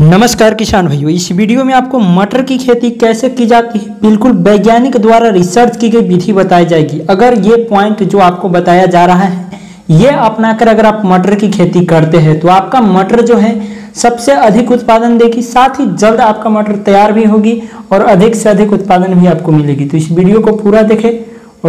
नमस्कार किसान भाइयों इस वीडियो में आपको मटर की खेती कैसे की जाती है बिल्कुल वैज्ञानिक द्वारा रिसर्च की गई विधि बताई जाएगी अगर ये पॉइंट जो आपको बताया जा रहा है ये अपनाकर अगर आप मटर की खेती करते हैं तो आपका मटर जो है सबसे अधिक उत्पादन देगी साथ ही जल्द आपका मटर तैयार भी होगी और अधिक से अधिक उत्पादन भी आपको मिलेगी तो इस वीडियो को पूरा देखे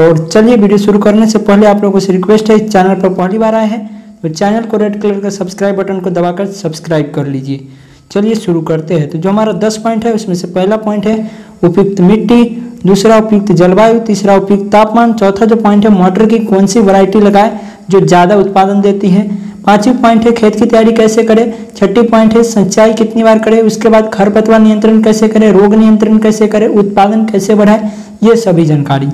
और चलिए वीडियो शुरू करने से पहले आप लोगों से रिक्वेस्ट है इस चैनल पर पहली बार आए हैं तो चैनल को रेड कलर का सब्सक्राइब बटन को दबाकर सब्सक्राइब कर लीजिए चलिए शुरू करते हैं तो जो हमारा दस पॉइंट है उसमें से पहला पॉइंट है उपयुक्त मिट्टी दूसरा उपयुक्त जलवायु तीसरा उपयुक्त तापमान चौथा जो पॉइंट है मटर की कौन सी वैरायटी लगाए जो ज़्यादा उत्पादन देती है पांचवी पॉइंट है खेत की तैयारी कैसे करें छठी पॉइंट है सिंचाई कितनी बार करें उसके बाद खरपतवार नियंत्रण कैसे करें रोग नियंत्रण कैसे करें उत्पादन कैसे बढ़ाए ये सभी जानकारी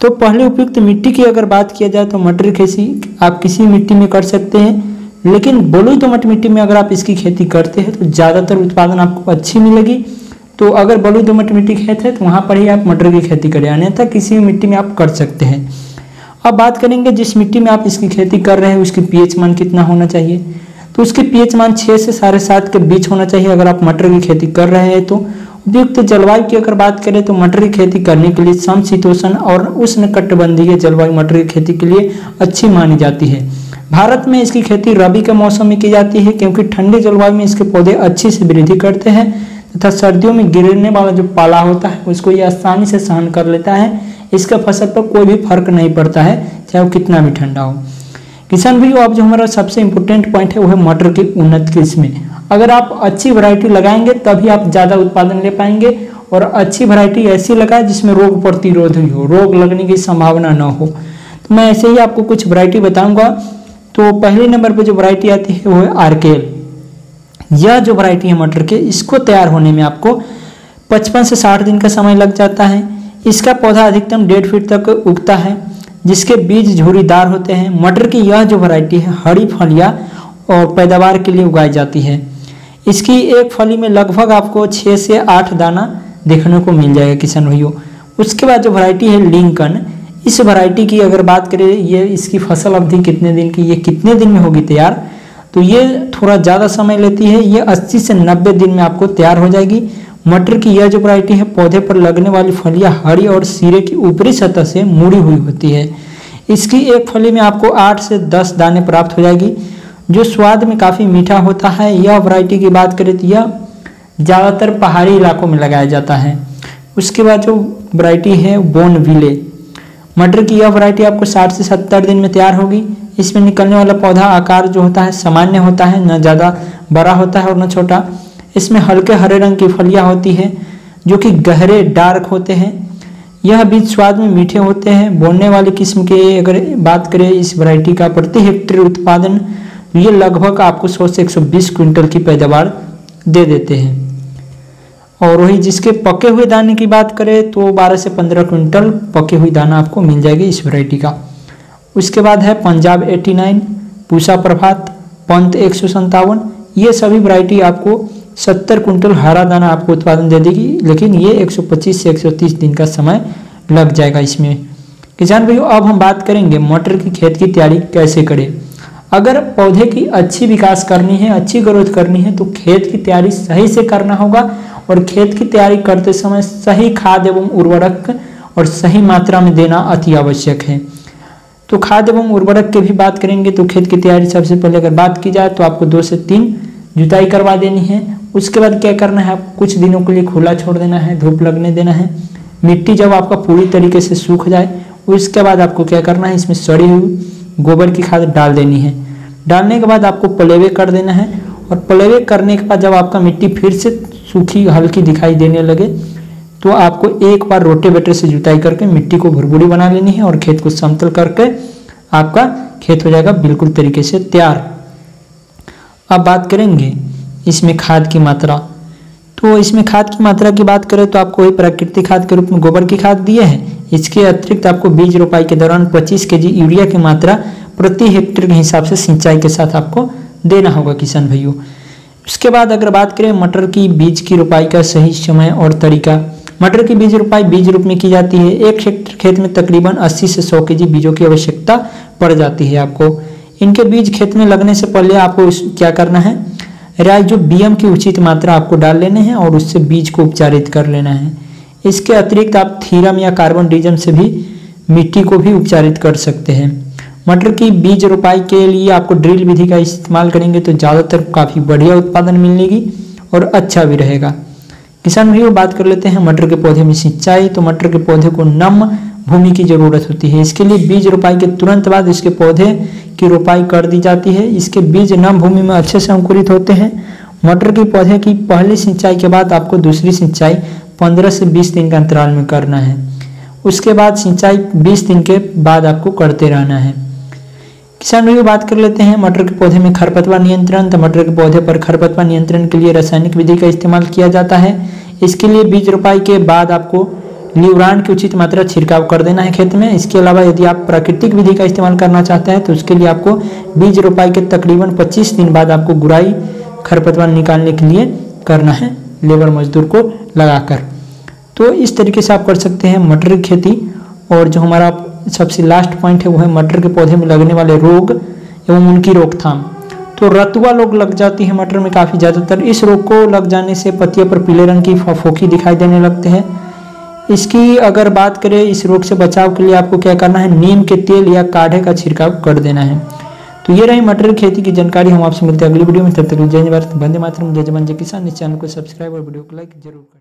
तो पहले उपयुक्त मिट्टी की अगर बात किया जाए तो मटर खेती आप किसी मिट्टी में कर सकते हैं लेकिन बलुई दोमट तो मिट्टी में अगर आप इसकी खेती करते हैं तो ज़्यादातर उत्पादन आपको अच्छी मिलेगी तो अगर बलुई दोमट तो मिट्टी खेत है तो वहाँ पर ही आप मटर की खेती करें अन्यथा किसी भी मिट्टी में आप कर सकते हैं अब बात करेंगे जिस मिट्टी में आप इसकी खेती कर रहे हैं उसकी पीएच मान कितना होना चाहिए तो उसके पीएच मान छः से साढ़े सात के बीच होना चाहिए अगर आप मटर की खेती कर रहे हैं तो उपयुक्त जलवायु की अगर बात करें तो मटर की खेती करने के लिए समशीतोषण और उष्ण कटबंधीय जलवायु मटर की खेती के लिए अच्छी मानी जाती है भारत में इसकी खेती रबी के मौसम में की जाती है क्योंकि ठंडी जलवायु में इसके पौधे अच्छे से वृद्धि करते हैं तथा सर्दियों में गिरने वाला जो पाला होता है उसको ये आसानी से सहन कर लेता है इसके फसल पर कोई भी फर्क नहीं पड़ता है चाहे वो कितना भी ठंडा हो किसान भी अब जो हमारा सबसे इम्पोर्टेंट पॉइंट है वो है मटर की उन्नत किस्में अगर आप अच्छी वैरायटी लगाएंगे तभी आप ज़्यादा उत्पादन ले पाएंगे और अच्छी वैरायटी ऐसी लगाए जिसमें रोग प्रतिरोधी हो रोग लगने की संभावना ना हो तो मैं ऐसे ही आपको कुछ वैरायटी बताऊंगा तो पहले नंबर पे जो वैरायटी आती है वो है आरकेल यह जो वैरायटी है मटर के इसको तैयार होने में आपको पचपन से साठ दिन का समय लग जाता है इसका पौधा अधिकतम डेढ़ फीट तक उगता है जिसके बीज झूरीदार होते हैं मटर की यह जो वैरायटी है हरी फलियाँ और पैदावार के लिए उगाई जाती है इसकी एक फली में लगभग आपको छः से आठ दाना देखने को मिल जाएगा किसान भाइयों उसके बाद जो वैरायटी है लिंकन इस वैरायटी की अगर बात करें ये इसकी फसल अवधि कितने दिन की ये कितने दिन में होगी तैयार तो ये थोड़ा ज़्यादा समय लेती है ये 80 से 90 दिन में आपको तैयार हो जाएगी मटर की यह जो वरायटी है पौधे पर लगने वाली फलियां हरी और सिरे की ऊपरी सतह से मुड़ी हुई होती है इसकी एक फली में आपको आठ से दस दाने प्राप्त हो जाएगी जो स्वाद में काफ़ी मीठा होता है यह वरायटी की बात करें तो यह ज़्यादातर पहाड़ी इलाकों में लगाया जाता है उसके बाद जो वरायटी है बोन मटर की यह वैरायटी आपको 60 से 70 दिन में तैयार होगी इसमें निकलने वाला पौधा आकार जो होता है सामान्य होता है न ज़्यादा बड़ा होता है और न छोटा इसमें हल्के हरे रंग की फलियाँ होती है जो कि गहरे डार्क होते हैं यह बीज स्वाद में मीठे होते हैं बोलने वाली किस्म के अगर बात करें इस वैरायटी का प्रति हेक्टेयर उत्पादन ये लगभग आपको सौ से बीस क्विंटल की पैदावार दे देते हैं और वही जिसके पके हुए दाने की बात करें तो 12 से 15 क्विंटल पके हुए दाना आपको मिल जाएगी इस वैरायटी का उसके बाद है पंजाब 89, पूषा प्रभात पंत एक ये सभी वैरायटी आपको 70 क्विंटल हरा दाना आपको उत्पादन दे देगी लेकिन ये 125 से 130 दिन का समय लग जाएगा इसमें किसान भाइयों अब हम बात करेंगे मटर की खेत की तैयारी कैसे करें अगर पौधे की अच्छी विकास करनी है अच्छी ग्रोथ करनी है तो खेत की तैयारी सही से करना होगा और खेत की तैयारी करते समय सही खाद एवं उर्वरक और सही मात्रा में देना अति आवश्यक है तो खाद एवं उर्वरक की भी बात करेंगे तो खेत की तैयारी सबसे पहले अगर बात की जाए तो आपको दो से तीन जुताई करवा देनी है उसके बाद क्या करना है आपको कुछ दिनों के लिए खुला छोड़ देना है धूप लगने देना है मिट्टी जब आपका पूरी तरीके से सूख जाए उसके बाद आपको क्या करना है इसमें सड़ी हुई गोबर की खाद डाल देनी है डालने के बाद आपको पलेवे कर देना है और पलेवे करने के बाद जब आपका मिट्टी फिर से सूखी हल्की दिखाई देने लगे तो आपको एक बार रोटेवेटर से जुताई करके मिट्टी को भुरभुरी बना लेनी है और खेत को समतल करके आपका खेत हो जाएगा बिल्कुल तरीके से तैयार अब बात करेंगे इसमें खाद की मात्रा तो इसमें खाद की मात्रा की बात करें तो आपको वही प्राकृतिक खाद के रूप में गोबर की खाद दिए है इसके अतिरिक्त आपको बीज रोपाई के दौरान 25 जी यूरिया की मात्रा प्रति हेक्टेयर के हिसाब से सिंचाई के साथ आपको देना होगा किसान भाइयों उसके बाद अगर बात करें मटर की बीज की रोपाई का सही समय और तरीका मटर की बीज रोपाई बीज रूप में की जाती है एक हेक्टर खेत में तकरीबन 80 से 100 के जी बीजों की आवश्यकता पड़ जाती है आपको इनके बीज खेत में लगने से पहले आपको क्या करना है राय जो बीएम की उचित मात्रा आपको डाल लेने हैं और उससे बीज को उपचारित कर लेना है इसके अतिरिक्त आप थीरम या कार्बन डीजम से भी मिट्टी को भी उपचारित कर सकते हैं मटर की बीज रोपाई के लिए आपको ड्रिल विधि का इस्तेमाल करेंगे तो ज़्यादातर काफ़ी बढ़िया उत्पादन मिलेगी और अच्छा भी रहेगा किसान वो बात कर लेते हैं मटर के पौधे में सिंचाई तो मटर के पौधे को नम भूमि की ज़रूरत होती है इसके लिए बीज रोपाई के तुरंत बाद इसके पौधे की रोपाई कर दी जाती है इसके बीज नम भूमि में अच्छे से अंकुरित होते हैं मटर के पौधे की पहली सिंचाई के बाद आपको दूसरी सिंचाई 15 से 20 दिन के अंतराल में करना है उसके बाद सिंचाई 20 दिन के बाद आपको करते रहना है किसान भाइयों बात कर लेते हैं मटर के पौधे में खरपतवार नियंत्रण तो मटर के पौधे पर खरपतवार नियंत्रण के लिए रासायनिक विधि का इस्तेमाल किया जाता है इसके लिए बीज रोपाई के बाद आपको न्यूरान की उचित मात्रा छिड़काव कर देना है खेत में इसके अलावा यदि आप प्राकृतिक विधि का इस्तेमाल करना चाहते हैं तो उसके लिए आपको बीज रोपाई के तकरीबन 25 दिन बाद आपको गुराई खरपतवार निकालने के लिए करना है लेबर मजदूर को लगाकर तो इस तरीके से आप कर सकते हैं मटर की खेती और जो हमारा सबसे लास्ट पॉइंट है वो है मटर के पौधे में लगने वाले रोग एवं उनकी रोकथाम तो रतुआ लोग लग जाती है मटर में काफ़ी ज़्यादातर इस रोग को लग जाने से पत्तियों पर पीले रंग की फोखी दिखाई देने लगते हैं इसकी अगर बात करें इस रोग से बचाव के लिए आपको क्या करना है नीम के तेल या काढ़े का छिड़काव कर देना है तो ये रही मटर खेती की जानकारी हम आपसे मिलते हैं अगली वीडियो में तब तक जय भारत वंदे मातरम जय जवान जय किसान इस चैनल को सब्सक्राइब और वीडियो को लाइक जरूर करें